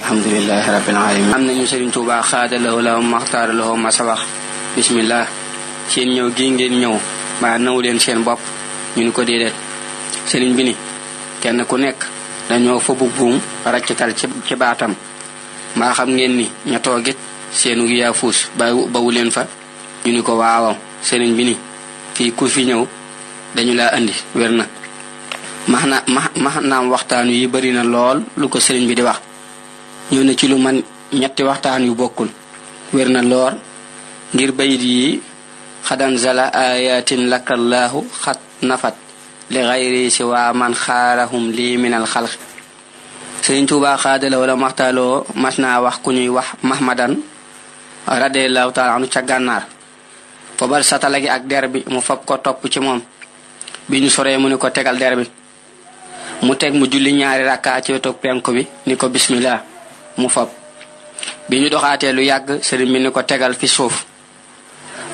alhamdulilahi rabbil alamin am nañu Sëriñ Tuubaa xaadalahoo la maxtaara lahoo ma sabax bismillah seen ñëw gi ngeen ñëw mbaa naw leen seen bopp ñu ni ko déedéet sëriñ bi ni kenn ku nekk dañoo fobu buum raccatal ci baatam mbaa xam ngeen ni ña toogit seenu yaa fuus ba bawu leen fa ñu ni ko waawaw sëriñ bi ni ku fi ñëw dañu laa indi wér max naam waxtaan yi bari na lool lu ko sëriñ bi wax ñëw na ci lu man ñetti waxtaan yu bokkul wér na ngir bayit yi xadan zala ayatin lakallahu khat nafat li ghayri si waa man li lii minal khalq sëriñ tuuba khadala wala maxtaaloo masna wax ku ñuy wax mahmadan radiallahu taala anu ca gànnaar fobal lagi ak derbi bi mu fab ko top ci mom biñu sore mu ni ko tegal derbi mu tek mu julli ñaari rakka ci penko bi ni bismillah mu fab bi ñu doxaatee lu yàgg sëriñ bi ni ko tegal fi suuf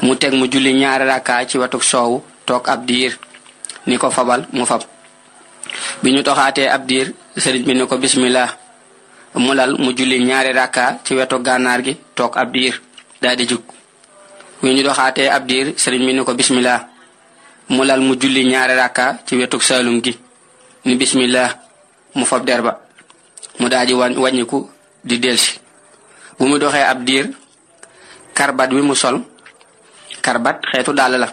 mu teg mu julli ñaari rakkaa ci watuk soowu toog ab diir ni ko fabal mu fab bi ñu doxaatee ab diir sëriñ bi ni ko bismillah mu lal mu julli ñaari rakkaa ci wetu gànnaar gi toog ab diir daal di ñu doxaatee ab diir sëriñ bi ni ko bismillah mu mu julli ñaari rakkaa ci wetuk saalum gi ni bismillah mu fab der mu daal di di delsi bu mu doxé ab dir karbat wi mu sol karbat xétu dal la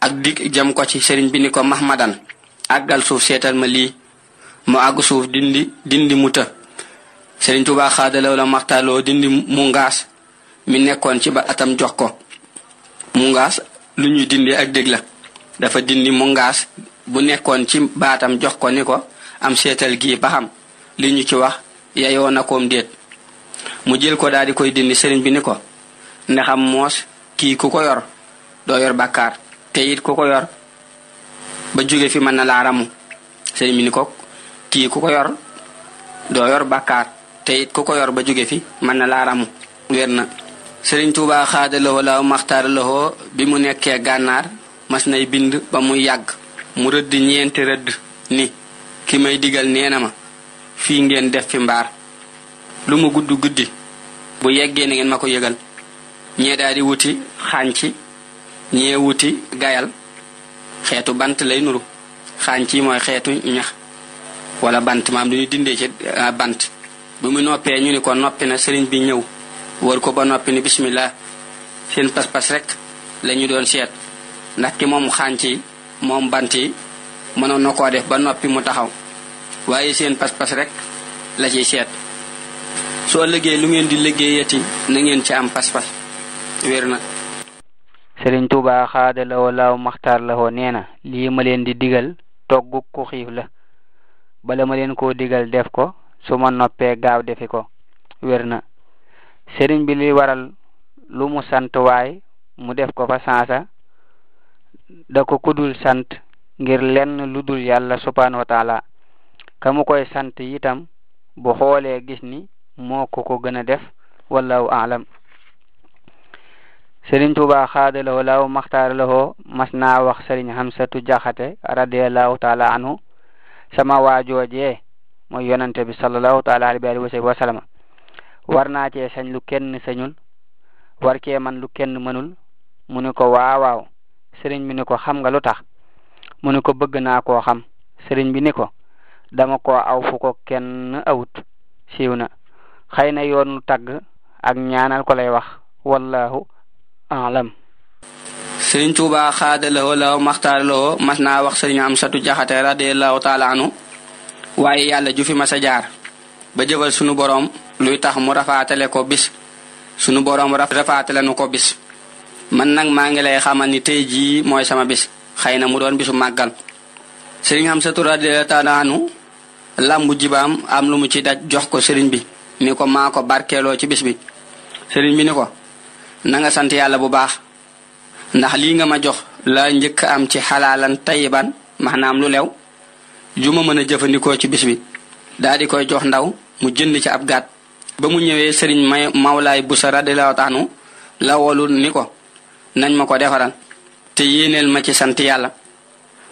ak dig jam ko ci serigne bi ni ko mahmadan agal suuf setal ma li mu ag suuf dindi dindi muta serigne touba khadalo la martalo dindi mu ngaas mi nekkon ci ba atam jox ko mu ngaas lu ñuy dindi ak deg la dafa dindi mu ngaas bu nekkon ci batam jox ko ni am setal gi ba li ñu ci wax yayoo na koom déet mu jël ko daal di koy dindi sëriñ bi ni ko ne xam moos kii ku ko yor doo yor bàkkaar te it ku ko yor ba jóge fi mën na laa ramu sëriñ bi ni ko kii ku ko yor doo yor te it ku ko yor ba jóge fi mën na laa ramu wér na sëriñ Tuubaa xaada bi mu nekkee gànnaar masnay bind ba muy yàgg mu rëdd ñeenti rëdd ni ki may digal nee fi ngeen def fi mbaar lu mu gudd guddi bu yeggee na ngeen ma ko yëgal ñee di wuti xànci ñee wuti gayal xeetu bant lay nuru xànci mooy xeetu ñax wala bant maam dañu dindee ci ah, bant bu mu noppee ñu ni ko noppi na sëriñ bi ñëw war ko ba noppi ni bismillah seen pas-pas rek lañu doon seet ndax ki moom xànci moom bant yi mënoon def ba noppi mu taxaw waaye seen pas-pas rek la ci seet soo liggéey lu ngeen di liggéeyati na ngeen ci am pas-pas wér na sëriñ Tuubaa xaada lawoo laaw maxtaar lawoo nee na lii ma leen di diggal togg ku xiif la bala ma leen koo digal def ko su ma noppee gaaw defi ko wér na sëriñ bi li waral lu mu sant waay mu def ko fa sansa da ko kudul sant ngir lenn lu dul yàlla subhanahu wa ka mu koy sant yitam bu xoolee gis ni moo ko ko gën a def wallahu aalam sëriñ tuuba xaadalawoo laaw maxtaaralawoo mas naa wax sëriñ xamsatu jaxate radiallahu taala anhu sama waajoojee mooy yonante bi salallahu taala alayhi wa sallam wa war naa cee sañ lu kenn sañul war cee man lu kenn mënul mu ni ko waawaaw sëriñ bi ni ko xam nga lu tax mu ni ko bëgg naa koo xam sëriñ bi ni ko dama ko aw fu ko kenn awut siiw na xëy na yoonu tagg ak ñaanal ko lay wax wallahu alam sëriñ Tuuba xaadalawoo law maxtaaralawoo mas naa wax sëriñ am satu jaxate radiallahu taala anu yàlla ju fi mas a jaar ba jëfal sunu boroom luy tax mu rafaatale ko bis sunu boroom rafaatale nu ko bis man nag maa ngi lay xamal ni tey jii mooy sama bis xëy na mu doon bisu màggal sëriñ am satu radiallahu taala làmbu jibaam am lu mu ci daj jox ko sëriñ bi ni ko maa ko barkeeloo ci bis bi sëriñ bi ni ko na nga sant yàlla bu baax ndax lii nga ma jox laa njëkk am ci xalaalan tayiban maanaam lu lew ju ma mën a jëfandikoo ci bis bi daa di koy jox ndaw mu jënd ci ab gàtt ba mu ñëwee sëriñ may mawlaay busa radiallahu taanu la woolu ni ko nañ ma ko defaral te yéeneel ma ci sant yàlla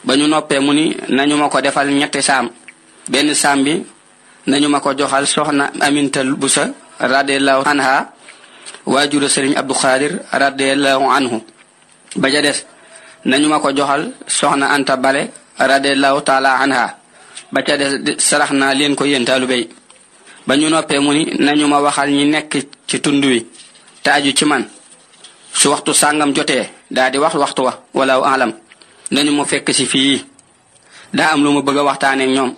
ba ñu noppee mu ni nañu ma ko defal ñetti saam benn saam nañu ma ko joxal soxna Aminta Busa radiallahu anha waajuru waa Abdou Khadir radiallahu anhu ba ja des ma ko joxal soxna Anta Bale radiallahu taala anha des sarax naa leen ko yéen taalu ba ñu noppee mu ni nañu ma waxal ñi nekk ci tund wi te aju ci man su waxtu sàngam jotee daa wax waxtu wa wala alam nañu ma fekk si fii daa am lu ma bëgg a waxtaanee ñoom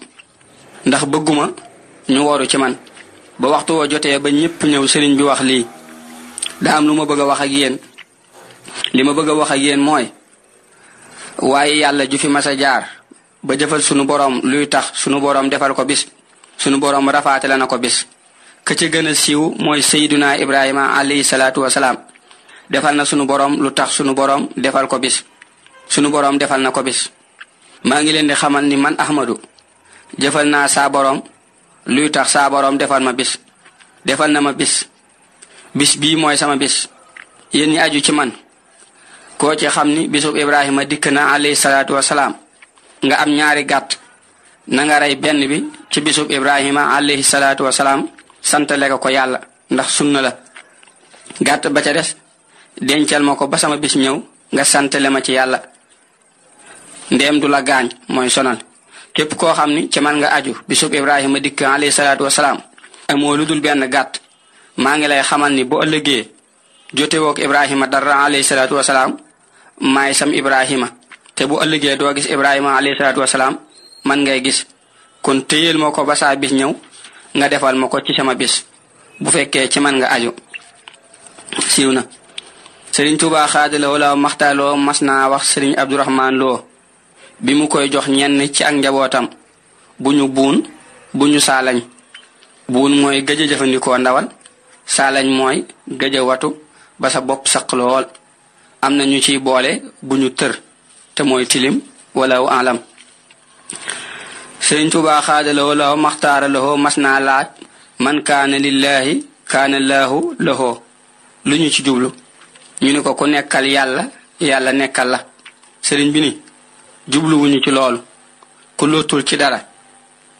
ndax bëgguma ñu wooru ci man ba waxtu woo jotee ba ñépp ñëw sëriñ bi wax lii daa am lu ma bëgg wax ak yéen li ma bëgg a wax ak yéen mooy waaye yàlla ju fi mas jaar ba jëfal sunu boroom luy tax sunu boroom defal ko bis sunu boroom rafaate na ko bis ka ci gën a siiw mooy sayduna ibrahima alayhi defal na sunu boroom lu tax sunu boroom defal ko bis sunu boroom defal na ko bis maa ngi leen di xamal ni man ahmadu jëfal naa saa luy tax saa boroom defal ma bis defal na ma bis bis bii mooy sama bis yéen ñi aju ci man koo ci xam ni bisub Ibrahima dikk na alayhi salaatu wasalaam nga am ñaari gàtt na nga benn bi ci bisub Ibrahima alayhi salaatu salaam santale ko ko yàlla ndax sunna la gàtt ba ca des dencal ma ko ba sama bis ñëw nga santale ma ci yàlla ndéem du la gaañ mooy sonal képp koo xam ni ci man nga aju bisub ibrahima dikk alayhi salatu wasalaam amoo lu dul benn gàtt maa ngi lay xamal ni bu ëllëgee jotewook ibrahima dara alayhi salatu wasalaam maay sam ibrahima te bu ëllëgee doo gis ibrahima alayhi salatu wasalaam man ngay gis kon téyel ma ko ba saa bis ñëw nga defal ma ko ci sama bis bu fekkee ci man nga aju siiw na sëriñ tuuba xaadalawoo la maxtaaloo mas naa wax sëriñ abdurahmaan lo. bi mu koy jox ñenn ci ak njabootam bu ñu buun bu ñu saalañ buun mooy gëj a jëfandikoo ndawal saalañ mooy gëj a watu bopp saq lool am na ñu ciy boole bu ñu tër te mooy tilim wala wu alam sëriñ Tuubaa xaadaloo law maxtaara lahoo mas naa laaj man kaana lillaahi kaana laahu lahoo lu ñu ci jublu ñu ni ko ku nekkal yàlla yàlla nekkal la sëriñ bi jubluwuñu ci loolu ku lottul ci dara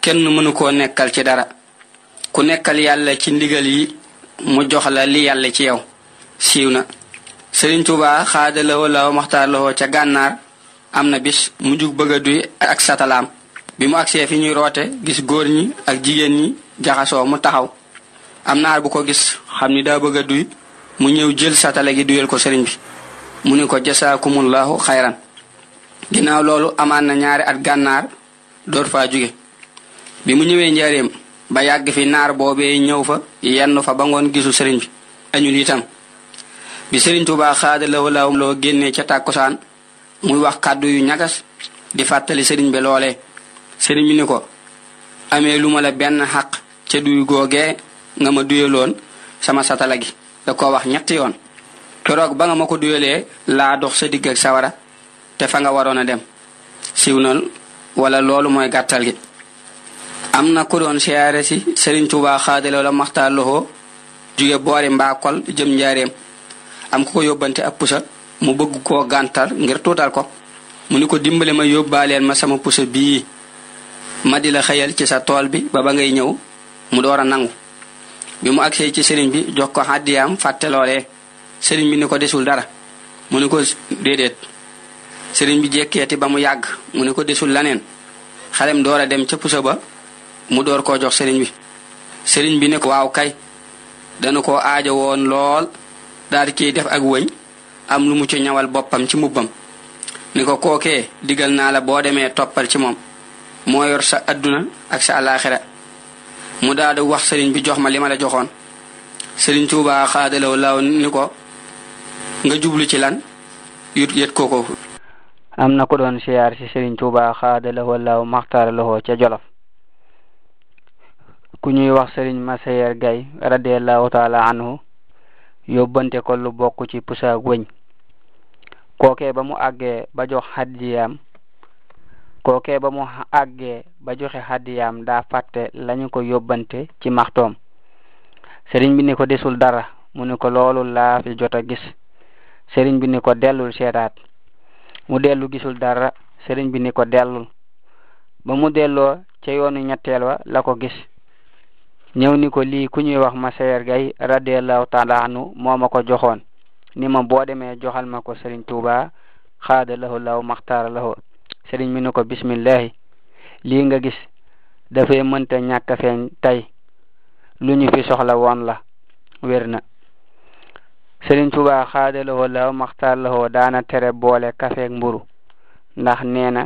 kenn mënu koo nekkal ci dara ku nekkal yàlla ci ndigal yi mu joxla la li yàlla ci yow siiw na Sëriñ Tuubaa xaadalawoo law maxtaarlawoo ca gànnaar am na bis mu jug bëgg a duy ak satalaam bi mu agsee fi ñuy roote gis góor ñi ak jigéen ñi jaxasoo mu taxaw am naar bu ko gis xam ni daa bëgg a duy mu ñëw jël satala gi duyal ko sëriñ bi mu ni ko jasaakumullahu xayran ginnaaw loolu amaan na ñaari at gànnaar door fa jóge bi mu ñëwee njaareem ba yàgg fi naar boobee ñëw fa yenn fa ba ngoon gisu sëriñ bi añul itam bi sëriñ Tuubaa xaadalawu law loo génnee ca tàkkusaan muy wax kàddu yu ñagas di fàttali sëriñ bi loolee sëriñ bi ni ko amee lu ma benn xaq ca duy googee nga ma duyaloon sama satala gi da ko wax ñetti yoon keroog ba nga ma ko duyalee laa dox sa digg sawara te fa nga waroon a dem siwnal wala loolu mooy gàttal gi am na ku doon siyaare si Sëriñ Tuubaa xaadale wala maxtaar loxo jóge boori mbaakol jëm njaareem am ku ko yóbbante ak pusa mu bëgg ko gàntal ngir tuutal ko mu ni ko dimbale ma yóbbaaleen ma sama pusa bii ma di la xëyal ci sa tool bi ba ba ngay ñëw mu door a nangu bi mu agsee ci sëriñ bi jox ko xàddiyaam fàtte loolee sëriñ bi ni ko desul dara mu ni ko déedéet sëriñ bi jekkeeti ba mu yàgg mu ne ko desul laneen xalem door dem ca puso ba mu door koo jox sëriñ bi sëriñ bi ne ko waaw kay danu ko aajo woon lool daal di ciy def ak wëñ am lu mu ci ñawal boppam ci mbubbam ni ko kookee digal naa la boo demee toppal ci moom moo sa adduna ak sa alaaxira mu daal wax sëriñ bi jox ma li la joxoon sëriñ Tuubaa xaadalaw law ni ko nga jublu ci lan yut yët kooko am na ko doon siyaar ci Sëriñ Tuuba xaada lahoo laaw maxtaara lahoo ca Jolof ku ñuy wax Sëriñ Masayer Gay radiallahu taala anhu yóbbante ko lu bokk ci pusaag wëñ kookee ba mu àggee ba joxe hadiyaam daa fàtte lañu ko yóbbante ci maxtom sëriñ bi ni ko desul dara mu ni ko loolu laa jot a gis sëriñ bi ko dellul seetaat mu dellu gisul dara sëriñ bi ni ko dellul ba mu delloo ca yoonu ñetteel wa la ko gis ñëw ni ko lii ku ñuy wax Masayer Gaye radiallahu taala anhu moo ma ko joxoon ni ma boo demee joxal ma ko sëriñ Tuuba xaada lahu law maxtaara lahu sëriñ mi ni ko bismillahi lii nga gis dafay mënta ñàkk feeñ tey lu ñu fi soxla woon la wér na Sëriñ Tuubaa xaadalawoo law maxtaar lawoo daana tere boole kafeeg mburu ndax nee na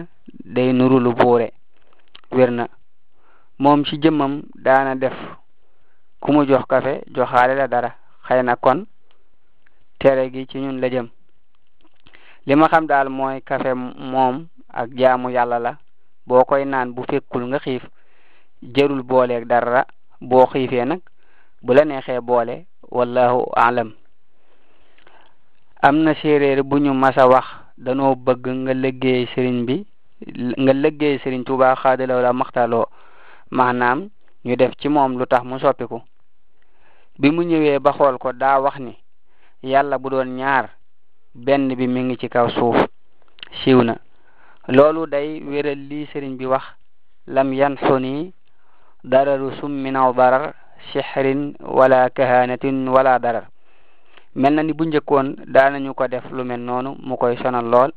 day nuru lu buure wér moom ci jëmmam daana def ku mu jox kafe joxaale la dara xëy na kon tere gi ci ñun la jëm li ma xam daal mooy kafe moom ak jaamu yàlla la boo koy naan bu fekkul nga xiif jërul booleeg dara boo xiifee nag bu la neexee boole wallahu alam am na séeréer bu ñu mas wax danoo bëgg nga liggéey sëriñ bi nga liggéey sëriñ Tuubaa xaadalaw la maxtaloo maanaam ñu def ci moom lu tax mu soppiku bi mu ñëwee ba xool ko daa wax ni yàlla bu doon ñaar benn bi mi ngi ci kaw suuf siiw na loolu day wéral li sëriñ bi wax lam yanxuni dararu sum minaw darar sixrin wala kahanatin wala darar mel na ni bu njëkkoon daanañu ko def lu mel noonu mu koy sonal lool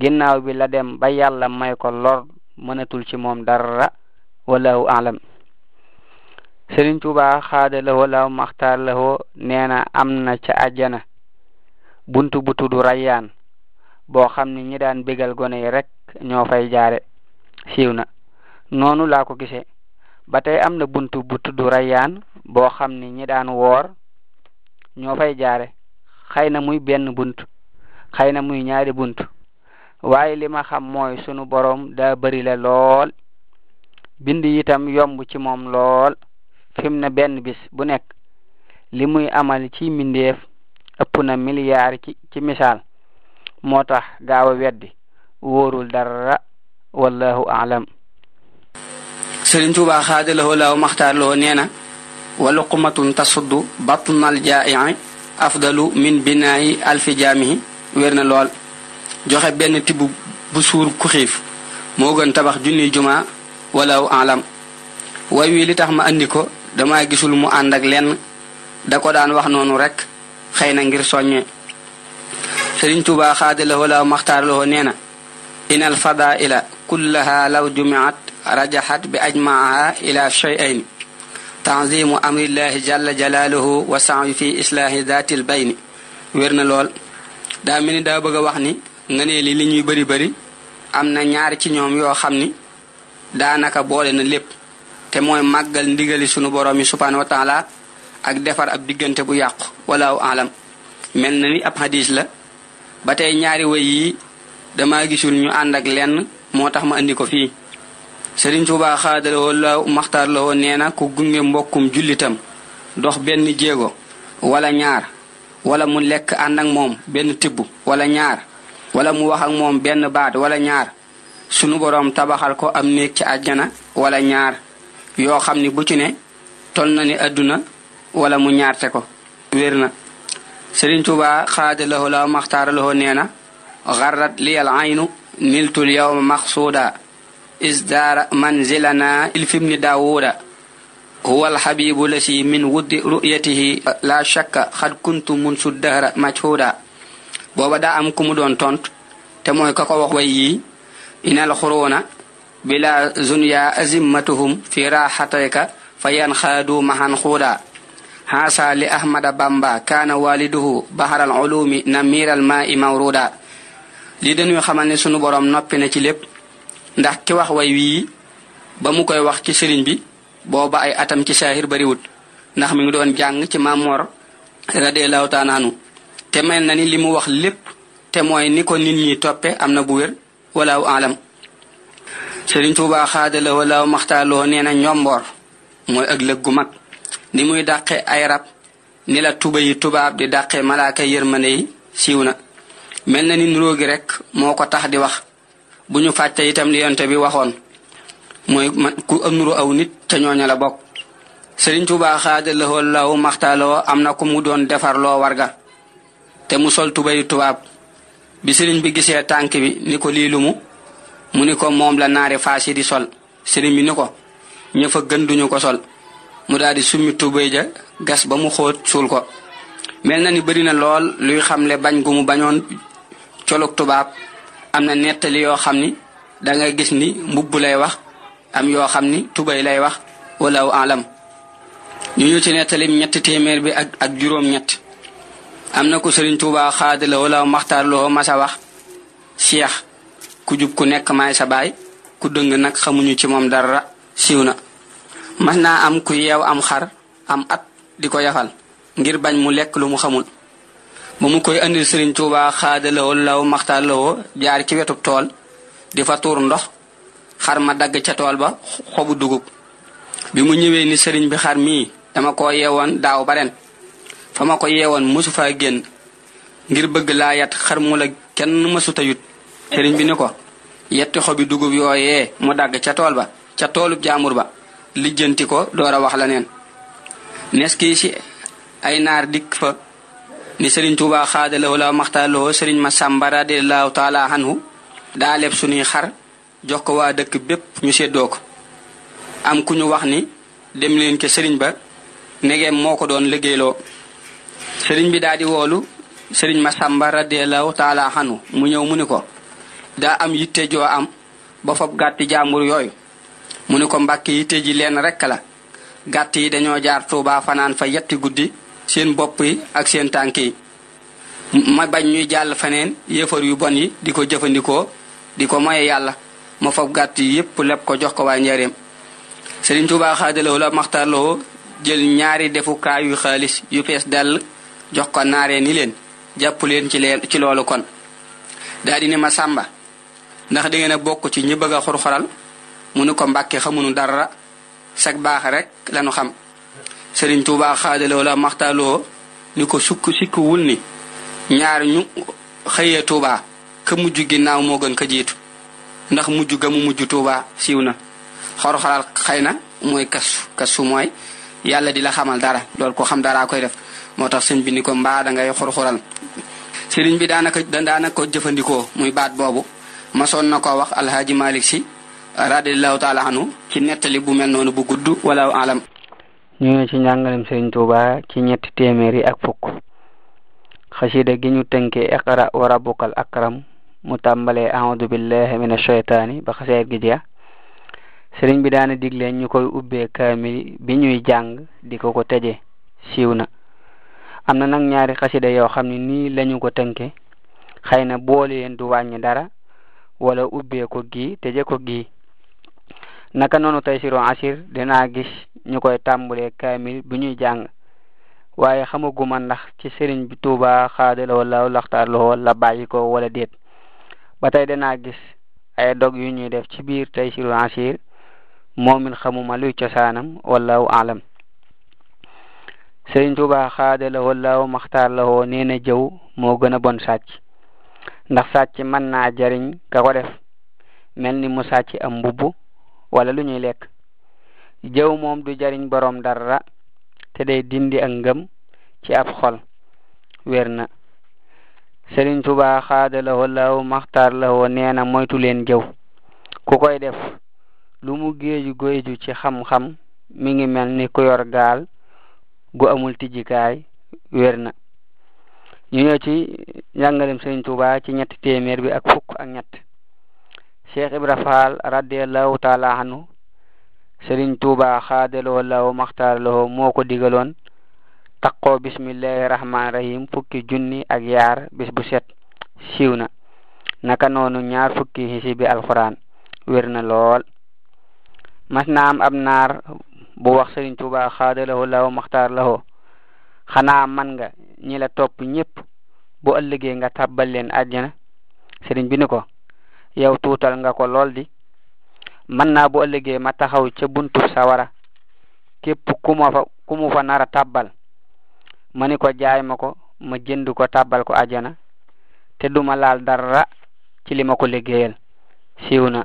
ginnaaw bi la dem ba yàlla may ko lor mënatul ci moom dara wallahu alam Sëriñ Tuubaa xaada lahoo law maxtaar lahoo nee na am na ca àjjana buntu bu tudd rayyaan boo xam ni ñi daan bégal gone yi rek ñoo fay jaare siiw na noonu laa ko gisee ba tey am na buntu bu tudd rayyaan xam ni ñi daan woor ñoo fay jaare xëy na muy benn bunt xëy na muy ñaari bunt waaye li ma xam mooy sunu boroom daa bëri la lool bind itam yomb ci moom lool fi mu benn bis bu nekk li muy amal ci mbindeef ëpp na milliard ci ci moo tax gaaw a weddi wóorul dara wallahu alam Sëriñ Tuubaa xaadalawoo laaw maxtaarloo nee na ولقمة تصد بطن الجائع أفضل من بناء ألف جامع ويرنا لول جوخه بن تيب بسور كخيف موغن تبخ جوني الجمعة ولو أعلم ويوي لي تخ ما انديكو دما غيسول مو اندك لين داكو دان واخ نونو رك خاينا غير سوغني سيرين توبا خادله ولا مختار له نينا ان الفضائل كلها لو جمعت رجحت باجمعها الى شيئين tanzimu amrillahi jalla jalaaluhu wa sa'yu fi islaahi daatil bayni wér na lool daa mel ni daa bëgg a wax ni nga ne li li ñuy bari bari am na ñaari ci ñoom yoo xam ni daanaka boole na lépp te mooy màggal ndigali sunu borom yi subhanahu ak defar ab diggante bu yàqu walaaw alam mel na ni ab hadis la ba tey ñaari way yi damaa gisul ñu ànd ak lenn moo tax ma indi ko fii Sëriñ Tuubaa xaadalawoo la maxtaar lawoo nee na ku gunge mbokkum jullitam dox benn jéego wala ñaar wala mu lekk ànd ak moom benn tibb wala ñaar wala mu wax ak moom benn baat wala ñaar sunu boroom tabaxal ko am néeg ci àjjana wala ñaar yoo xam ni bu ci ne tol na ni àdduna wala mu ñaarte ko wér na Sëriñ Tuubaa xaadalawoo la maxtaar lawoo nee na xarrat liyal aynu niltul yawma maxsuuda ازدار منزلنا الفم داوود هو الحبيب الذي من ود رؤيته لا شك قد كنت منذ الدهر مجهودا بابا دا ام كوم دون تونت te mooy ka ko wax way yii inal xuruuna bila zunya azimmatuhum fi raxatayka fa yanxaadu mahan xuuda haasa li ahmada bamba kana waliduhu bahar al ulumi namir al ma'i mawruda li dañuy xamal ne sunu borom noppi na ci lépp ndax ki wax way wii ba mu koy wax ci sëriñ bi booba ay atam ci saahir bariwut ndax mi ngi doon jàng ci Maamoor radiyallaahu taala anhu te mel na ni li mu wax lépp te mooy ni ko nit ñi toppe am na bu wér walaaw alam sëriñ Tuubaa xaadala walaaw maxtaaloo nee na ñomboor mooy ak lëg gu mag ni muy dàqe ay ni la tuba tubaab di dàqe malaaka yërmande yi siiw na mel na ni nuróo gi rek moo ko tax di wax bu ñu fàtte itam li yonte bi waxoon mooy ku ëmru aw nit ca ñooña la bokk Sëriñ Tuubaa xaada lawoo law maxtaaloo am na ku mu doon defar loo warga te mu sol tubay tubaab bi sëriñ bi gisee tànk bi ni ko lii lu mu mu ni ko moom la naare faas yi di sol sëriñ bi ni ko ña fa gën duñu ko sol mu daal di summi tubay ja gas ba mu xóot suul ko mel na ni bëri lool luy xamle bañ gu mu bañoon colug tubaab am na nettali yoo xam ni da nga gis ni mbubb lay wax am yoo xam ni tubay lay wax wala alam ñu ñu ci nettali ñett téeméer bi ak ak juróom ñett am na ku sëriñ tuuba xaadi la walaw maxtaar loo masa wax cheikh ku jub ku nekk maay sa baay ku dëng nag xamuñu ci moom dara siiw na am ku yeew am xar am at di ko yafal ngir bañ mu lekk lu mu xamul mu mu koy andil Serigne Touba xaadalawoo law lawoo jaar ci wetu tool di fa tuur ndox xar ma dagg ca tool ba xobu dugub bi mu ñëwee ni sëriñ bi xar mii dama ko yewoon daaw ba ren fa ma ko yeewoon mosu faa génn ngir bëgg laa yat xar mu la kenn mësuta yut sëriñ bi ni ko yetti xobi dugub yooye mu dagg ca tool ba ca toolub jaamur ba lijjanti ko door a wax la neen nes ay naar dikk fa ni sëriñ Tuubaa xaadalawoo la maxtaalawoo sëriñ ma sàmba radiallahu taala anhu daa leb suñuy xar jox ko waa dëkk bépp ñu séddoo ko am ku ñu wax ni dem leen ke sëriñ ba negeem moo ko doon liggéeyloo sëriñ bi daal di woolu sëriñ ma sàmba radiallahu taala anhu mu ñëw mu ni ko daa am yitte am ba fob gàtti jaambur yooyu mu ni ko mbàkk yitte ji leen rekk la gàtt yi dañoo jaar Tuubaa fanaan fa yetti guddi seen bopp yi ak seen tànk yi ma bañ ñuy jàll faneen yëfar yu bon yi di ko jëfandikoo di ko maye yàlla ma fab gàtt yi yépp lepp ko jox ko waa njareem sëriñ tuubaa xaadalawu la maxtarloo jël ñaari defukaay yu xaalis yu pees dal jox ko naaree ni leen jàpp leen ci leen ci loolu kon daa di ne ma sàmba ndax da ngeen a bokk ci ñi bëgg a xoral mu ni ko mbàkke xamunu dara sag baax rek lanu xam Sëriñ Tuubaa xaadaloo la maxtaaloo ni ko sukk sikkuwul ni ñaar ñu xëyee Tuubaa ka mujj ginnaaw moo gën ka jiitu ndax mujj gamu mujj tuuba siiw na xor-xoral xëy na mooy kasu kasu yàlla di la xamal dara loolu ko xam daraa koy def moo tax sëñ bi ni ko mbaa ngay xurxural sëriñ bi daanaka daanaka ko jëfandikoo muy baat boobu masoon na ko wax alhaaji malik si radiallahu taala anhu ci nettali bu mel noonu bu gudd wala alam ñu ngi ci njàngalem sëriñ Tuuba ci ñetti téeméeri ak fukk xasida gi ñu tënkee iqra wa rabbukal akram mu tàmbalee audu billahi min ashaytaani ba xaseet gi jeex bi daana digle ñu koy ubbee kaamil bi ñuy jàng di ko ko tëjee siiw na am na nag ñaari xasida yoo xam ne nii lañu ko tënke xëy na boole leen du wàññi dara wala ubbee ko gii tëje ko gii naka noonu tey siro asir dinaa ñu koy tàmbulee kaamil bu ñuy jàng waaye xamaguma ndax ci sëriñ bi tuuba xaadala wala laxtaar la bàyyi ko wala déet ba tey danaa gis ay dog yu ñuy def ci biir tey siru asir moomin xamuma luy cosaanam wallahu alam sëriñ tuuba xaadala wala maxtaar loo nee na jëw moo gën a bon sàcc ndax sàcc mën naa jariñ ka ko def mel ni mu sàcc am mbubb wala lu ñuy lekk jëw moom du jariñ borom dara te day dindi ak ngëm ci ab xol wér na Sëriñ Tuubaa xaada lawo law maxtaar lawo nee na moytu leen jëw ku koy def lu mu géeju géeju ci xam-xam mi ngi mel ni ku yor gaal gu amul tijjikaay wér na ñu ñëw ci njàngalem Sëriñ Tuubaa ci ñetti téeméer bi ak fukk ak ñett Cheikh Ibra Faal radiallahu taala anhu Sëriñ Tuuba xaadaloo lawo maxtaar lawo moo ko digaloon taqoo bismillahi rahmaani rahim fukki junni ak yaar bis bu set siiw na naka noonu ñaar fukki hisibi alquran wér na lool mas na am ab bu wax Sëriñ Tuuba xaadaloo lawo maxtaar lawo xanaa man nga ñi la topp ñépp bu ëllëgee nga tabbal leen àjjana sëriñ bi ni ko yow tuutal nga ko lool di man naa bu ëllëgee ma taxaw ca buntu sawara képp ku ma fa ku mu fa ma ni ko jaay ko ma jënd ko tabal ko ajana te duma laal dara ci li ma ko liggéeyal siiw na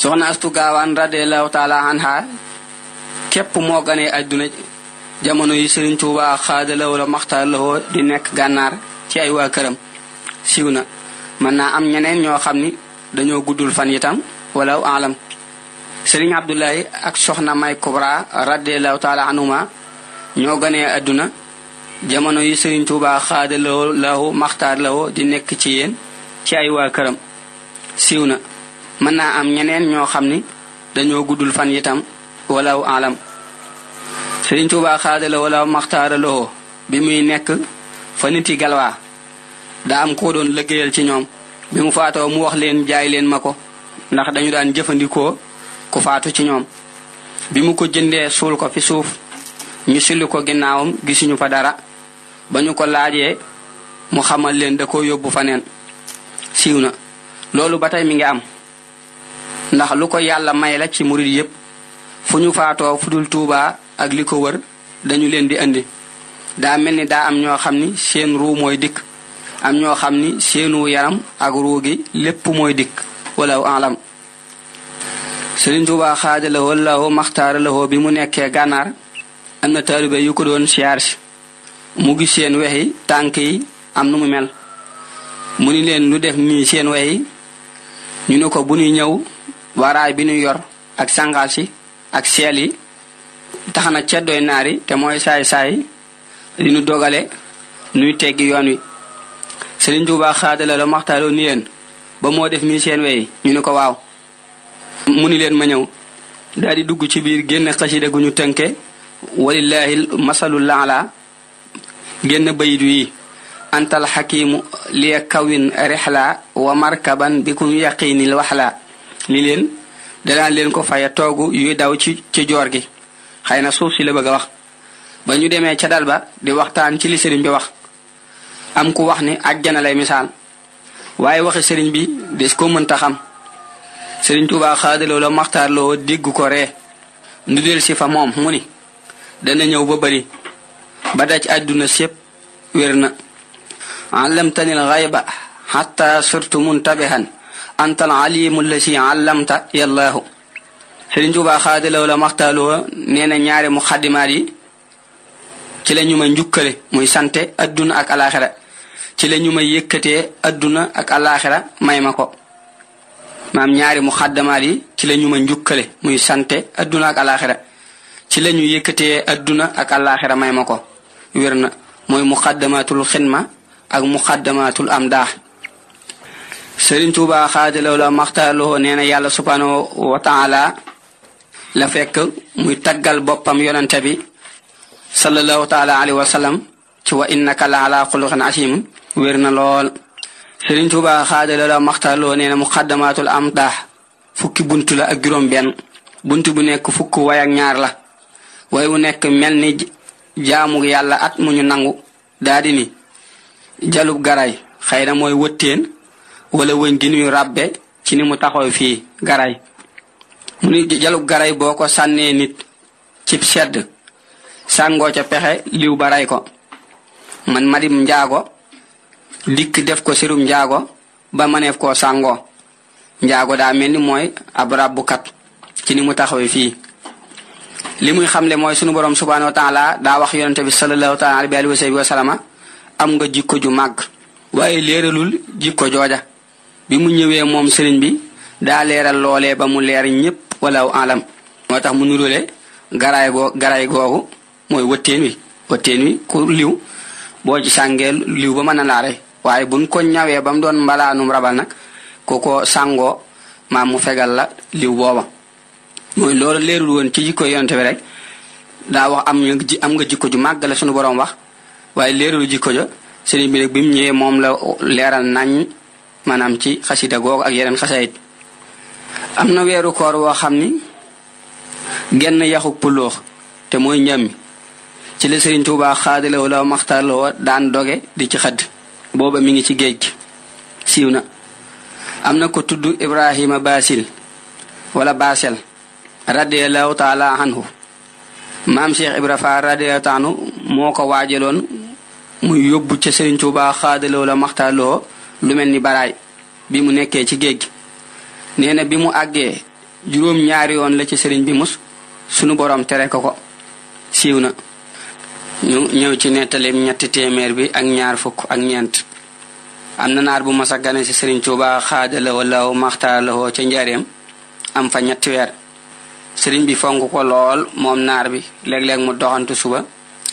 soxna astu gaawaan radiallahu taala anha képp moo ganee adduna jamono yi Sëriñ Tuubaa xaadalaw la maxtaar lawoo di nekk gànnaar ci ay waa këram siiw na mën naa am ñeneen ñoo xam ni dañoo guddul fan yitam walaaw alam sëriñ Abdoulaye ak soxna May Kubra radiallahu taala anhuma ñoo ganee àdduna jamono yi sëriñ Tuubaa xaada lawo lawo maxtaar lawo di nekk ci yéen ci ay waa këram siiw na mën naa am ñeneen ñoo xam ni dañoo guddul fan itam walaw alam sëriñ Tuubaa xaada la walaw maxtaara bi muy nekk fa niti galwaa daa am koo doon liggéeyal ci ñoom bi mu faatoo mu wax leen jaay leen ma ko ndax dañu daan jëfandikoo ku faatu ci ñoom bi mu ko jëndee suul ko fi suuf ñu silli ko ginnaawam gisuñu fa dara ba ñu ko laajee mu xamal leen da ko yóbbu fa neen siiw na loolu ba tey mi ngi am ndax lu ko yàlla may la ci murid yëpp fu ñu faatoo fu dul tuubaa ak li ko wër dañu leen di indi daa mel ni daa am ñoo xam ni seen ruu mooy dikk am ñoo xam ni seenu yaram ak ruu gi lépp mooy dikk walla alam Sëriñ Tuubaa xaada lahoo lahoo maxtaara bi mu nekkee gànnaar am na taalibe yu ko doon siyaar si mu gis seen wexi tànk yi am nu mu mel mu ni leen lu def nii seen wexi ñu ne ko bu ñuy ñëw waraay bi ñu yor ak sàngaasi ak seel yi tax na ceddooy naar yi te mooy saay-saay li ñu dogale nuy teggi yoon wi Sëriñ Tuubaa xaada la la maxtaaroo ni leen ba moo def nii seen wexi ñu ne ko waaw mu ni leen ma ñëw daal di dugg ci biir génn xasida gu ñu tënke walillaahi masalu laala génn bayit wi antal xakimu lie kawin rexla wa markaban bi kum yaqinil waxla li leen danaa leen ko faya toogu yuy daw ci ci joor gi xëy na suuf si la bëgg a wax ba ñu demee ca dal ba di waxtaan ci li sëriñ bi wax am ku wax ni àjjana lay misaal waaye waxi sëriñ bi des ko mënta xam sëriñ tuuba xaadaloo la maxtaar loo dégg ko ree ndu del si fa moom mu ni dana ñëw ba bari ba daj àdduna sépp wér na allamtani alxayba xatta surtu muntabihan anta alalimu lasi allamta yallaahu sëriñ tuuba xaadaloo la maxtaaloo nee na ñaari mu xaddimaat yi ci la ñu ma njukkale muy sante adduna ak alaxira ci la ñu ma yëkkatee adduna ak alaxira may ma ko maam ñaari mu xàddamaat ci la ñu ma njukkale muy sante adduna ak alaxira ci la ñu yëkkatee adduna ak alaxira may ma ko wér na mooy mu xàddamaatul xidma ak mu xàddamaatul am daax Sëriñ Tuuba xaadalaw la maxtaaloo nee na yàlla subhanahu wa taala la fekk muy taggal boppam yonante bi sallallahu taala alayhi wa sallam la ala lool Sëriñ Tuubaa xaadala a maxtarloo nee na muqaddamaatul am daax fukki bunt la ak juróom benn bunt bu nekk fukk way ñaar la way wu nekk mel ni jaamu yàlla at mu ñu nangu daa ni jalub garay xëy na mooy wëttéen wala wëñ gi nuy ràbbe ci ni mu taxaw fii garay mu ni jalub garay boo ko sànnee nit cib sedd sàngoo ca pexe liw baray ko man madim njaago dikk def ko sirum njaago ba mëneef koo sàngoo njaago daa mel ni mooy ab ràbbukat ci ni mu taxawee fii li muy xam xamle mooy sunu borom subhanahu wa taala daa wax yonente bi salallahu taala alayhi am nga jikko ju màgg waaye leeralul jikko jooja bi mu ñëwee moom sëriñ bi daa leeral loolee ba mu leer ñépp walaw alam moo tax mu nurule garaay goo googu mooy wëttéen wi wëttéen wi ku liw boo ci sàngee liw ba mën a laare waaye buñ ko ñawee ba mu doon mbalaanum rabal nag ko ko sàngoo maam mu fegal la liw booba mooy loolu leerul woon ci jikko yonente bi rek daa wax am nga ji am nga jikko ju màgg la suñu borom wax waaye leerul jikko ja sëriñ bi nag bi ñëwee moom la leeral nañ maanaam ci xasida googu ak yeneen xasayit am na weeru koor woo xam ni genn yaxu pulóox te mooy njàmmi ci la sëriñ Tuubaa xaadalawo la maxtarlawo daan doge di ci xadd booba mi ngi ci géej gi siiw na am na ko tudd ibrahima basil wala basel radiallahu taala anhu maam cheikh ibra faar radiallahu taala moo ko waajaloon muy yóbbu ci sëriñ tuuba xaadaloo la maxtaaloo lu mel ni baraay bi mu nekkee ci géej gi nee na bi mu àggee juróom ñaari yoon la ci sëriñ bi mus sunu borom tere ko ko siiw na ñu ñëw ci nettaleem ñetti téeméer bi ak ñaar fukk ak ñeent am na naar bu mas a gane ci Sëriñ Tuuba xaadalawoo law maxtaaralawoo ca njareem am fa ñetti weer sëriñ bi fonk ko lool moom naar bi léeg-léeg mu doxantu suba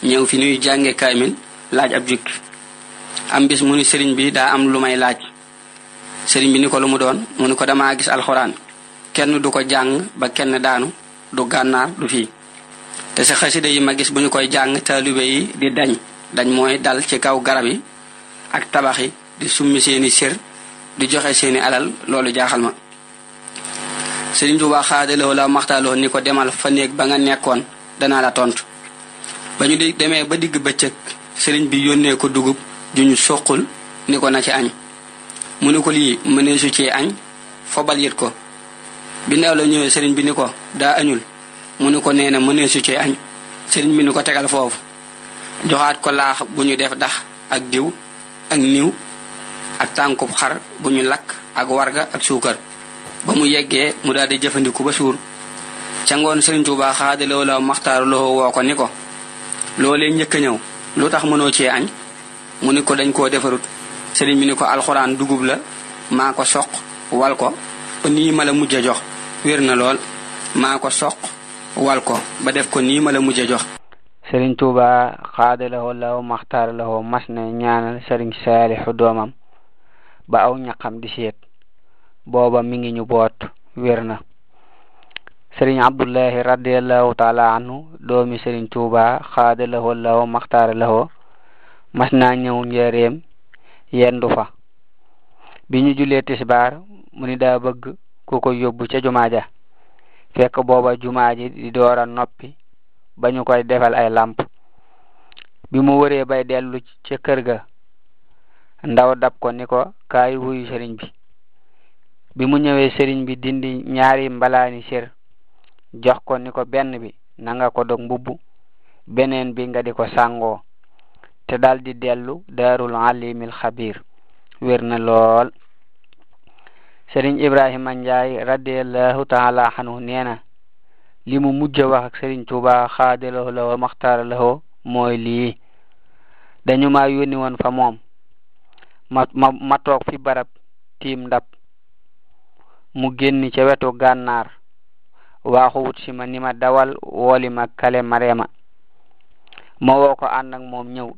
ñëw fi nuy jànge kaamil laaj ab jukki am bis mu ni sëriñ bi daa am lu may laaj sëriñ bi ni ko lu mu doon mu ni ko damaa gis alxuraan kenn du ko jàng ba kenn daanu du gànnaar du fii te sa xasida yi ma gis bu ñu koy jàng taalibe yi di dañ dañ mooy dal ci kaw garab yi ak tabax di summi seeni sér di joxe seeni alal loolu jaaxal ma Sëriñ Tuubaa xaadaloo la ni ko demal fa néeg ba nga nekkoon danaa la tontu ba ñu demee ba digg bëccëg sëriñ bi yónnee ko dugub ju ñu soqul ni ko na ci añ mu ne ko lii mënee ci añ fobal yit ko bi ndaw la ñëwee sëriñ bi ni ko daa añul mu ne ko nee na mënee su ci añ sëriñ bi ni ko tegal foofu joxaat ko laax bu ñu def dax ak diw ak niw ak tànkub xar bu ñu lakk ak warga ak suukar ba mu yeggee mu daal di jëfandiku ba suur ca ngoon Sëriñ Tuubaa xaadaloo la maxtaar loxo woo ko ni ko loolee njëkk a ñëw lu tax mënoo ci añ mu ni ko dañ koo defarut sëriñ bi ni ko alxuraan dugub la maa ko soq wal ko nii ma la mujj a jox wér na lool maa ko soq wal ko ba def ko nii ma la mujj a jox sëriñ tuuba xaadalawoo mas na ñaanal sëriñ saalixu doomam ba aw ñaqam di seet booba mi ngi ñu boot wér na sëriñ abdullahi radiallahu taala anhu doomi sëriñ tuuba xaadalawoo law maxtaaralawoo mas na ñëw njëreem yendu fa bi ñu julee tisbaar mu ni daa bëgg ku ko yóbbu ca jumaaja fekk booba jumaaji di door a noppi bañu koy defal ay lamp bi mu wëree bay dellu ca kër ga ndaw dab ko ni ko kaay wuyu sëriñ bi bi mu ñëwee sëriñ bi dindi ñaari mbalaani sër jox ko ni ko benn bi na nga ko dog mbubbu beneen bi nga di ko sàngoo te daldi dellu daarul alimil xabir wér na lool sëriñ ibrahima njaay radiallahu taala anhu neena li mu mujj wax ak sëriñ tuuba xaadaloo la wa maxtaara mooy lii dañu ma yónni woon fa moom ma ma fi barab tiim ndab mu génn ca wetu gànnaar waaxu wut si ma ni ma dawal wooli ma kale mareema ma woo ko moom ñëw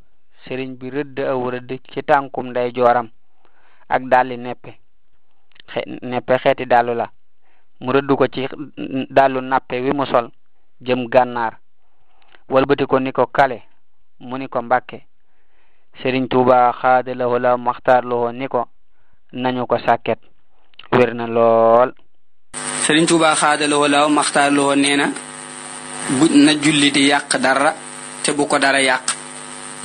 sëriñ bi rëdd aw rëdd ci tànkum nday jooram ak dalli neppe neppe xeeti dalu la mu rëddu ko ci dalu nappe wi mu sol jëm gànnaar walbati ko kale mu ni ko mbàkke Sëriñ Tuuba xaadalawo la maxtaar lowoo ni ko nañu ko sàkket wér na lool Sëriñ Tuuba xaadalawo law maxtaar lowoo nee na bu na julli di yàq dara te bu ko dara yàq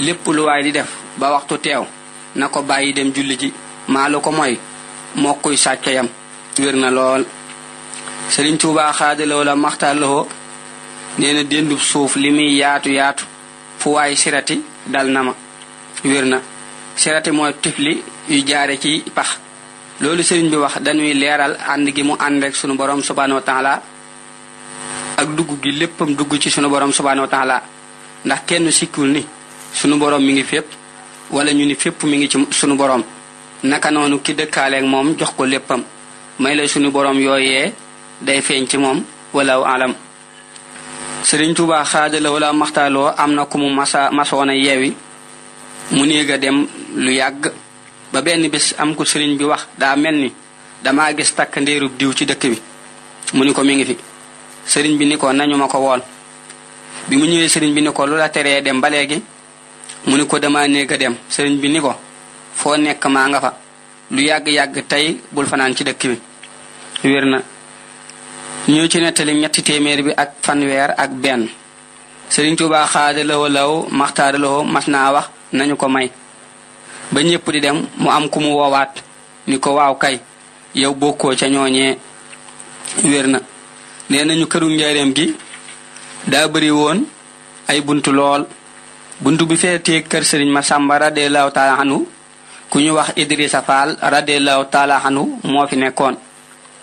lépp lu waay di def ba waxtu teew na ko bàyyi dem julli ji ko mooy moo kuy sàcc yam wér na lool Sëriñ Tuubaa xaadaloo la maxtaloo nee na déndub suuf li muy yaatu yaatu fu waay sirati dal na ma wér na sirati mooy tifli yu jaare ci pax loolu sëriñ bi wax dañuy leeral ànd gi mu ànd rek sunu borom subhanahu wa taala ak dugg gi léppam dugg ci sunu borom subhanahu wa taala ndax kenn sikkul ni sunu borom mi ngi fépp wala ñu ni fépp mi ngi ci sunu borom naka noonu ki dëkkaaleeg moom jox ko léppam may la sunu boroom yooyee day feeñ ci moom walla alam sëriñ Tuuba xaajala wala maxtaaloo am na ku mu masa masoon a yeewi mu néeg dem lu yàgg ba benn bis am ko sëriñ bi wax daa mel ni dama gis takk ndéerub diw ci dëkk bi mu ni ko mi ngi fi sëriñ bi ni ko nañu ma ko wool bi mu ñëwee sëriñ bi ni ko lu la teree dem ba léegi mu ni ko dama néeg dem sëriñ bi ni ko foo nekk maa nga fa lu yàgg-yàgg tey bul fanaan ci dëkk bi wér na ñu ci nettali ñetti téeméer bi ak fanweer ak benn Sëriñ Tuubaa xaada lawo law maxtaara lawo mas naa wax nañu ko may ba ñépp di dem mu am ku mu woowaat ni ko waaw kay yow bokkoo ca ñooñee wér na nee nañu këru njaareem gi daa bari woon ay bunt lool buntu bi feetee kër sëriñ ma sàmbara de laaw taala anu ku ñu wax Idrissa Fall radiallahu taala anhu moo fi nekkoon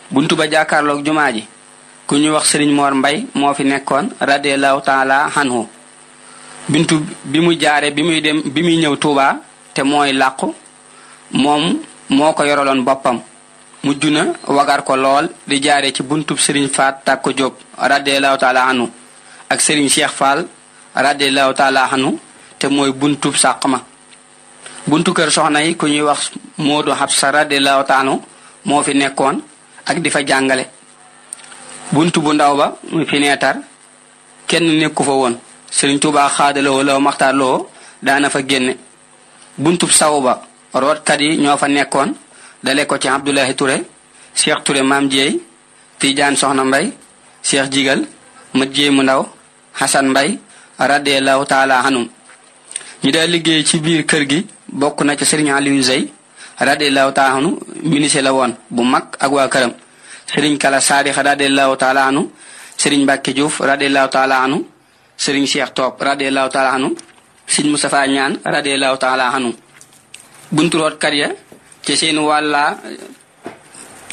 buntu ba jàkkaarloog jumaa ji ku ñu wax Sëriñ Moor Mbay moo fi nekkoon radiallahu taala anhu buntu bi mu jaare bi muy dem bi muy ñëw Tuubaa te mooy laqu moom moo ko yoraloon boppam mujj na wagar ko lool di jaare ci buntub Sëriñ Faat Tàkko Jóob radiallahu taala anhu ak Sëriñ Cheikh Fall radiallahu taala anhu te mooy buntub sàq ma buntu kër soxna yi ko ñuy wax Moodu Habsa radiyallahu taala moo fi nekkoon ak di jàngale buntu bu ndaw ba mu fi kenn nekku fa woon Sëriñ Tuubaa xaadaloo la maxtaar loo daana yi ñoo fa nekkoon dale ko ci Abdoulahi Touré Cheikh Touré maam Dieye Soxna Mbay Cheikh Jigal ma Dieye mu ndaw Xasan Mbay radiyallahu taala anhum ñu daa liggéey ci biir kër gi bokk na ci Serigne Aliou Sey taala anu ministre la woon bu mag ak waa këram Serigne Kala Saadix radiallahu taala anu Serigne Mbacke Diouf radiallahu taala anu Serigne Cheikh Top radiallahu taala anu Serigne Moustapha Ñaan radiallahu taala anu buntu rootkat ya ci seen wàllaa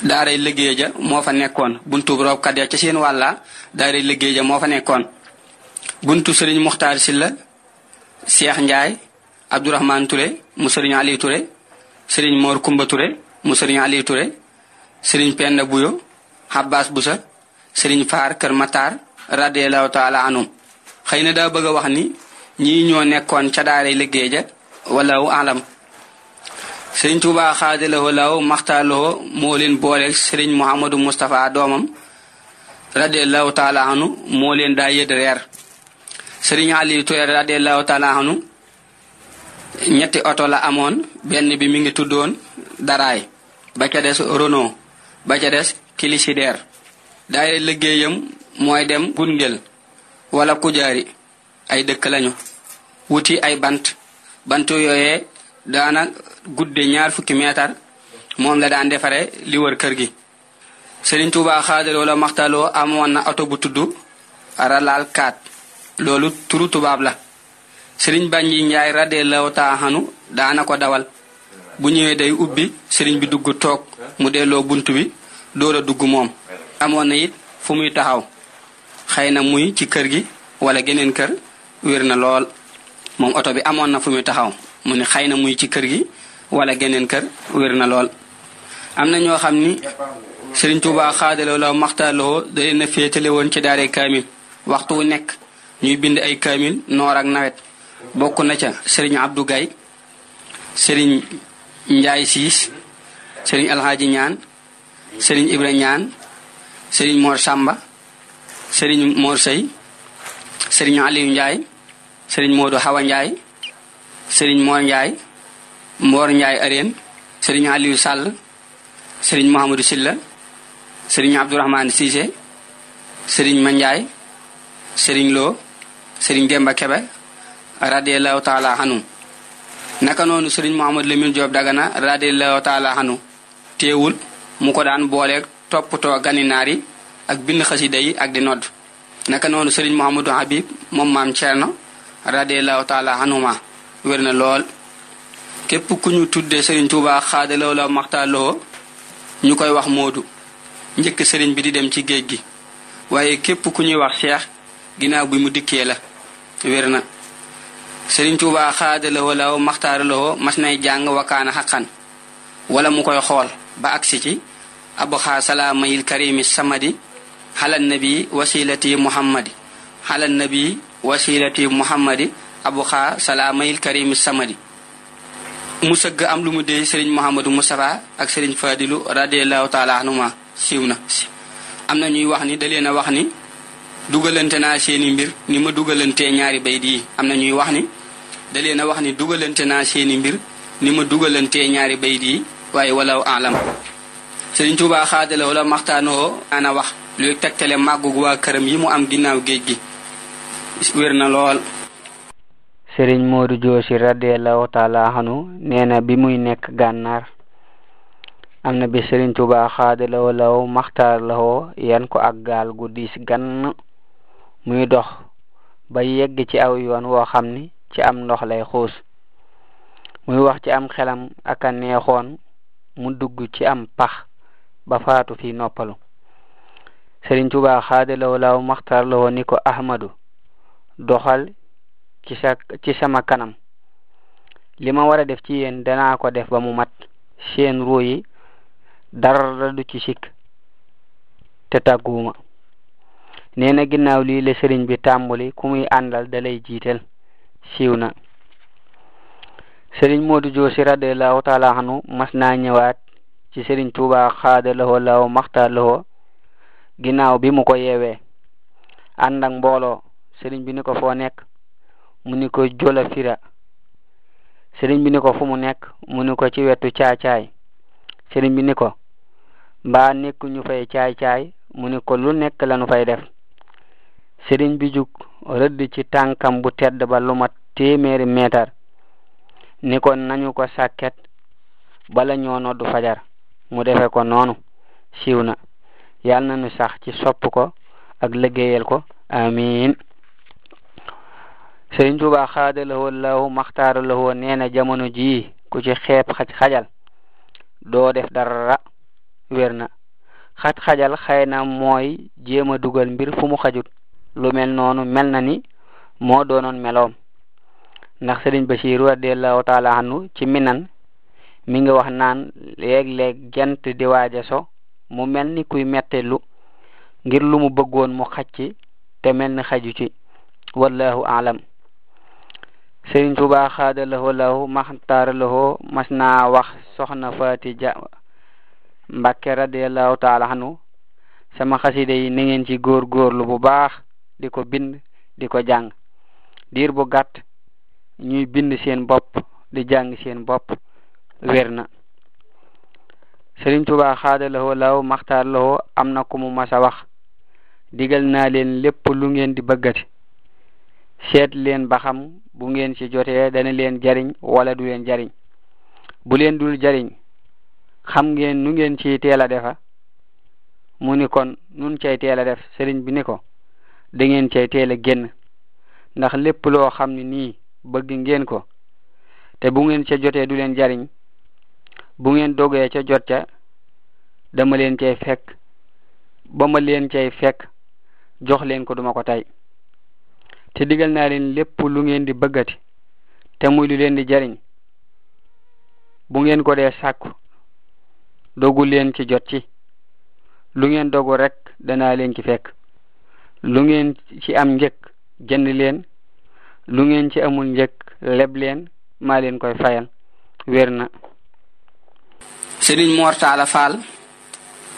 daaray liggéey ja moo fa nekkoon buntu rootkat ya ci seen wàllaa daaray liggéey ja moo fa nekkoon buntu Serigne Muxtaar Silla Cheikh Ndiaye Abdourahmane Touré mu sëriñ Aliou Touré sëriñ Mor Kumba Touré mu sëriñ Aliou Touré sëriñ Penda Buyo Abbas Busa sëriñ Faar Kër Matar radiallahu taala anhum xëy na daa bëgg a wax ni ñii ñoo nekkoon ca daaray liggéey ja walaawu alam sëriñ Tuubaa xaadalawoo law maxtaaloo moo leen booleeg sëriñ Mouhamadou Moustapha doomam radiallahu taala anhu moo leen daa reer sëriñ Aliou Touré radiallahu taala anhu ñetti oto la amoon benn bi mi ngi tuddoon daraay ba ca des Renault ba ca des kilisideer daay liggéeyam mooy dem gungel wala kujaari ay dëkk lañu wuti ay bant bant yooye daana gudde ñaar fukki meetar moom la daan defare li kër gi Sëriñ Tuubaa xaadaloo wala maxtaloo amoon na oto bu tudd ralaal kaat loolu turu tubaab la sëriñ Banji Njaay radiyallaahu taahanu daana ko dawal bu ñëwee day ubbi sëriñ bi dugg toog mu delloo bunt bi door dugg moom amoon na it fu muy taxaw xëy na muy ci kër gi wala geneen kër wér na lool moom oto bi amoon na fu muy taxaw mu ne xëy na muy ci kër gi wala geneen kër wér na lool am na ñoo xam ni Sëriñ Tuubaa xaadaloo la maxtaaloo da leen a féetale woon ci daare kaamil waxtu wu nekk ñuy bind ay kaamil noor nawet bokk na ca sëriñ Abdou Gaye sëriñ Njaay Siis sëriñ Alxaaji Ñaan sëriñ Ibra Ñaan sëriñ Mor Sàmba sëriñ Mor Sey sëriñ Aliyu Njaay sëriñ Moodu Hawa Njaay sëriñ Mor Njaay Mboor Njaay Areen sëriñ Aliyu Sàll sëriñ Mohamadou Silla sëriñ Abdourahmane Cissé sëriñ Mandiaye sëriñ Lo sëriñ Demba Kebe radiallahu taala xanu naka noonu sëriñ Mouhamad Lamine Diop Dagana radiallahu taala xanu teewul mu ko daan booleeg toppatoo ganinaar yi ak bind xasida yi ak di nodd naka noonu sëriñ Mouhamadou Habib moom maam Thierno radiallahu taala xanuma wér na lool képp ku ñu tuddee sëriñ Touba xaadalaw la maxtaaloo ñu koy wax moodu njëkk sëriñ bi di dem ci géej gi waaye képp ku ñuy wax cheikh ginnaaw bi mu dikkee la wér na Sëriñ Tuubaa xaadalawoo law maxtaaralawoo mas nay jàng wakkaana xaqan wala mu koy xool ba agsi ci abxaa salaamayil karimi samadi xalal nabi wasilati muhammadi xalal nabi wasilati muhammadi abxaa salaamayil karimi samadi mu sëgg am lu mu déy sëriñ Mouhamadou Moustapha ak sëriñ Fadilu radiallahu taala anhuma siiw na am na ñuy wax ni da leen wax ni dugalante naa seeni mbir ni ma dugalantee ñaari bayt am na ñuy wax ni da leen wax ni dugalante na seeni mbir ni ma dugalantee ñaari bayit yi waaye walaw alam Sëriñ Tuubaa xaadala wala maxtaanoo ana wax luy tegtale màggug waa këram yi mu am ginnaaw géej gi wér na lool Sëriñ Moodu Joosi radiallahu taala anhu bi muy nekk gànnaar am na bi Sëriñ Tuubaa xaadala walaw maxtaar lawoo yan ko ak gaal gu diis gann muy dox ba yegg ci aw yoon woo xam ni ci am ndox lay xoos muy wax ci am xelam ak a neexoon mu dugg ci am pax ba faatu fi noppalu Sëriñ Tuubaa xaadalawo laaw maxtaar lawoo ni ko Ahmadu doxal ci sama kanam li ma war a def ci yéen danaa ko def ba mu mat seen ruu yi dara du ci sikk te tàgguwuma nee na ginnaaw lii la sëriñ bi tàmbali ku muy àndal dalay jiital siiw na Serigne Modou Diosi radiallahu taala anhu mas naa ñëwaat ci Serigne Touba xaada loxo law maxta loxo ginnaaw bi mu ko yeewee ànd ak mbooloo Serigne bi ni ko foo nekk mu ni ko jola fira Serigne bi ni fu mu nekk mu ni ko ci wetu caay-caay Serigne bi ni ko mbaa nekk ñu fay caay-caay mu ni ko lu nekk la nu fay def sëriñ bi jug ci tànkam bu tedd ba lu mat téeméeri meetar ni ko nañu ko sàkket bala ñoo noddu fajar mu defe ko noonu siiw na yal na nu sax ci sopp ko ak liggéeyal ko amin sëriñ Tuubaa xaadalawoo lawu maxtaara lawoo nee na jamono jii ku ci xeeb xaj xajal def dara wér na xaj xajal xëy na mooy jéem a dugal mbir fu mu xajut lu mel noonu mel na ni moo doonoon meloom ndax Sëriñ Bachir radiallahu taala anhu ci minan mi nga wax naan léeg-léeg gent di waaja so mu mel ni kuy mettelu ngir lu mu bëggoon mu xacc te mel ni xaju ci wallahu alam Sëriñ Tuubaa xaada lahoo lahu maxtaara lahoo mas naa wax soxna Faati Ja Mbàkke radiallahu taala anhu sama xasida yi ni ngeen ci góorgóorlu bu baax di ko bind di ko jàng diir bu gàtt ñuy bind seen bopp di jàng seen bopp wér na Sëriñ Tuubaa xaada lahoo law maxtaar lahoo am na ku mu masa wax digal naa leen lépp lu ngeen di bëggati seet leen ba xam bu ngeen ci jotee dana leen jariñ wala du leen jariñ bu leen dul jariñ xam ngeen nu ngeen ci teel a defa mu ni kon nun cay teel a def sëriñ bi ni ko da ngeen cay teel a génn ndax lépp loo xam ne nii bëgg ngeen ko te bu ngeen ca jotee du leen jariñ bu ngeen dogee ca jot ca dama leen cay fekk ba leen cay fekk jox leen ko duma ko tey te digal naa leen lépp lu ngeen di bëggati te muy lu leen di jariñ bu ngeen ko de sàkku dogu leen ci jot ci lu ngeen dogu rekk danaa leen ci fekk lu ngeen ci am njëkk jënd leen lu ngeen ci amul njëkk leb leen maa leen koy fayal wér na sëriñ mortala fall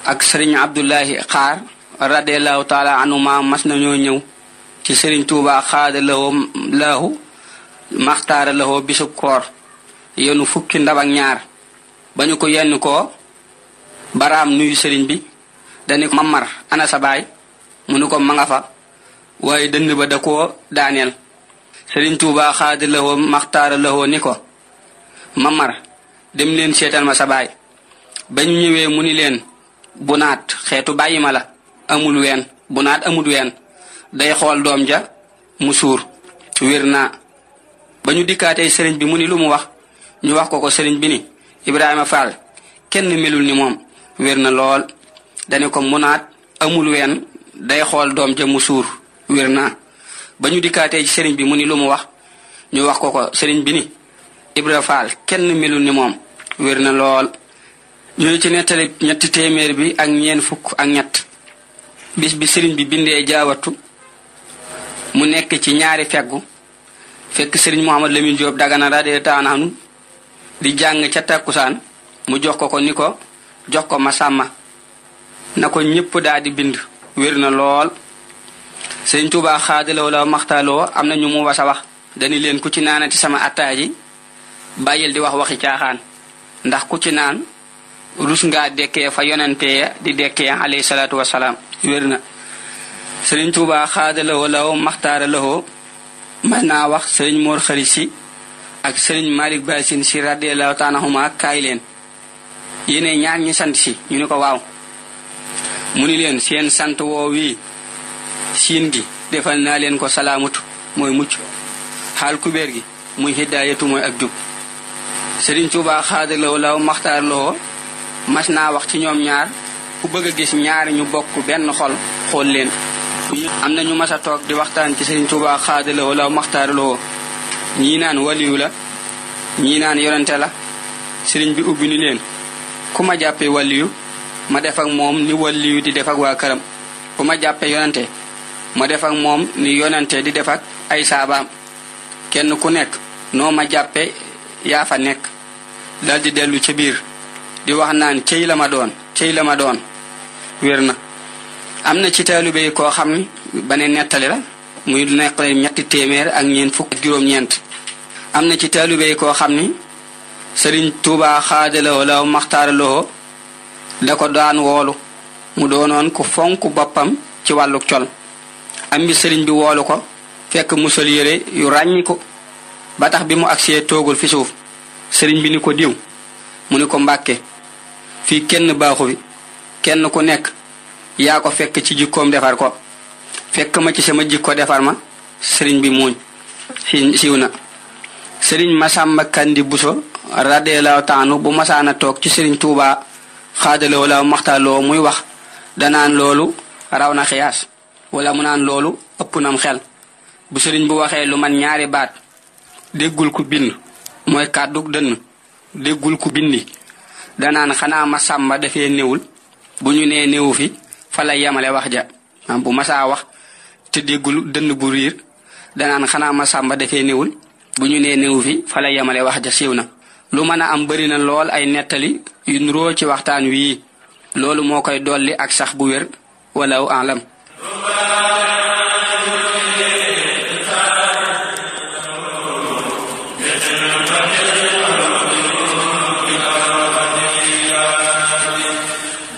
ak sëriñ abdullahi xaar radiallahu taala anuma mas nañoo ñëw ci sëriñ tuuba xaada lawoo laahu maxtaara lawoo bisub koor yenu fukki ndab ak ñaar ba ko yenn koo baraam nuyu sëriñ bi dañu mamar ana baay munu ko ma nga fa waaye dënd ba da koo daaneel sëriñ tuuba xaadi lahoo maxtaara lahoo ni ko ma mar dem leen seetal ma sa baay ba ñu ñëwee mu ni leen bu naat xeetu bàyyi ma la amul ween bu naat amul ween day xool doom ja mu suur wér naa ba bi mu lu mu wax ñu wax ko ko sëriñ bi ni ibrahima faal kenn melul ni moom wér na lool ko mu amul ween day xool doom ja mu suur wér na ba ñu dikkaatee ci sëriñ bi mu ni lu mu wax ñu wax ko ko sëriñ bi ni ibra faal kenn melu ni moom wér na lool ñooñu ci nettali ñetti téeméer bi ak ñeen fukk ak ñett bis bi sëriñ bi bindee jaawatu mu nekk ci ñaari feggu fekk sëriñ mouhamad lamin diob dagana radi taanaanu di jàng ca tekkusaan mu jox ko ko ni ko jox ko masàmma na ko ñëpp daa di bind wér na lool sëñ Tuubaa xaadaloo la maxtaaloo am na ñu mu wasa wax dañu leen ku ci naanati sama attaa ji bàyyil di wax waxi caaxaan ndax ku ci naan rus nga dekkee fa yonantee di dekkee alayhi salaatu wasalaam wér na sëriñ Tuubaa xaadaloo law maxtaara lawoo mën naa wax sëriñ Mor Xari si ak sëriñ Malick Basin si radiallahu taala huma kaay leen yéene ñaar ñi sant si ñu ni ko waaw mu ni leen seen sant woo wi siin gi defal naa leen ko salaamatu mooy mucc xaal kubéer gi muy hidaayatu mooy ak jub Sëriñ Tuubaa xaadar lawo law maxtaar lawoo mas naa wax ci ñoom ñaar ku bëgg a gis ñaar ñu bokk benn xol xool leen am na ñu mas toog di waxtaan ci Sëriñ Tuubaa xaadar lawo law maxtaar lawoo ñii naan waliyu la ñii naan yonente la sëriñ bi ubbi ni leen ku ma jàppee waliyu ma def ak moom ni waliyu di def ak waa këram bu ma jàppee yonante ma defak moom ni yonante di def ay saabaam kenn ku nekk noo ma jàppe yaa fa nekk dal di dellu ca biir di wax naan cëy la ma doon cëy la ma doon wér na am na ci taalibe yi koo xam ne bane nettali la muy nekk ñetti téeméer ak ñeent fukk juróom-ñeent am na ci taalibe yi koo xam ni sëriñ Tuubaa xaadaloo law maxtaaraloo da ko daan woolu mu doonoon ku fonk boppam ci wàllu col am bi sëriñ bi woolu ko fekk mu sol yére yu ràññi ko ba tax bi mu agsee toogul fi suuf sëriñ bi ni ko diw mu ni ko mbàkke fii kenn baaxu kenn ku nekk yaa ko fekk ci jikkoom defar ko fekk ma ci sama jikko defar ma sëriñ bi muuñ siiw na sëriñ Masamba Kandi Buso radiyallahu taanu bu masaana toog ci sëriñ Tuubaa xaadale wala maxtaaloo muy wax danaan loolu raw na xiyaas wala mu naan loolu ëpp nam xel bu sëriñ bu waxee lu man ñaari baat déggul ku bind mooy kàddu dënn déggul ku bindi danaan xanaa ma sàmba defee néewul bu ñu nee néewu fi fa yamale wax ja masaa wax te déggul dënn bu riir xanaa ma sàmba dafee néewul bu ñu nee néewu fi fa la yemale wax ja siiw na lu mën a am bari na lool ay nettali yu nuroo ci waxtaan wii loolu moo koy dolli ak sax bu wér walaw alam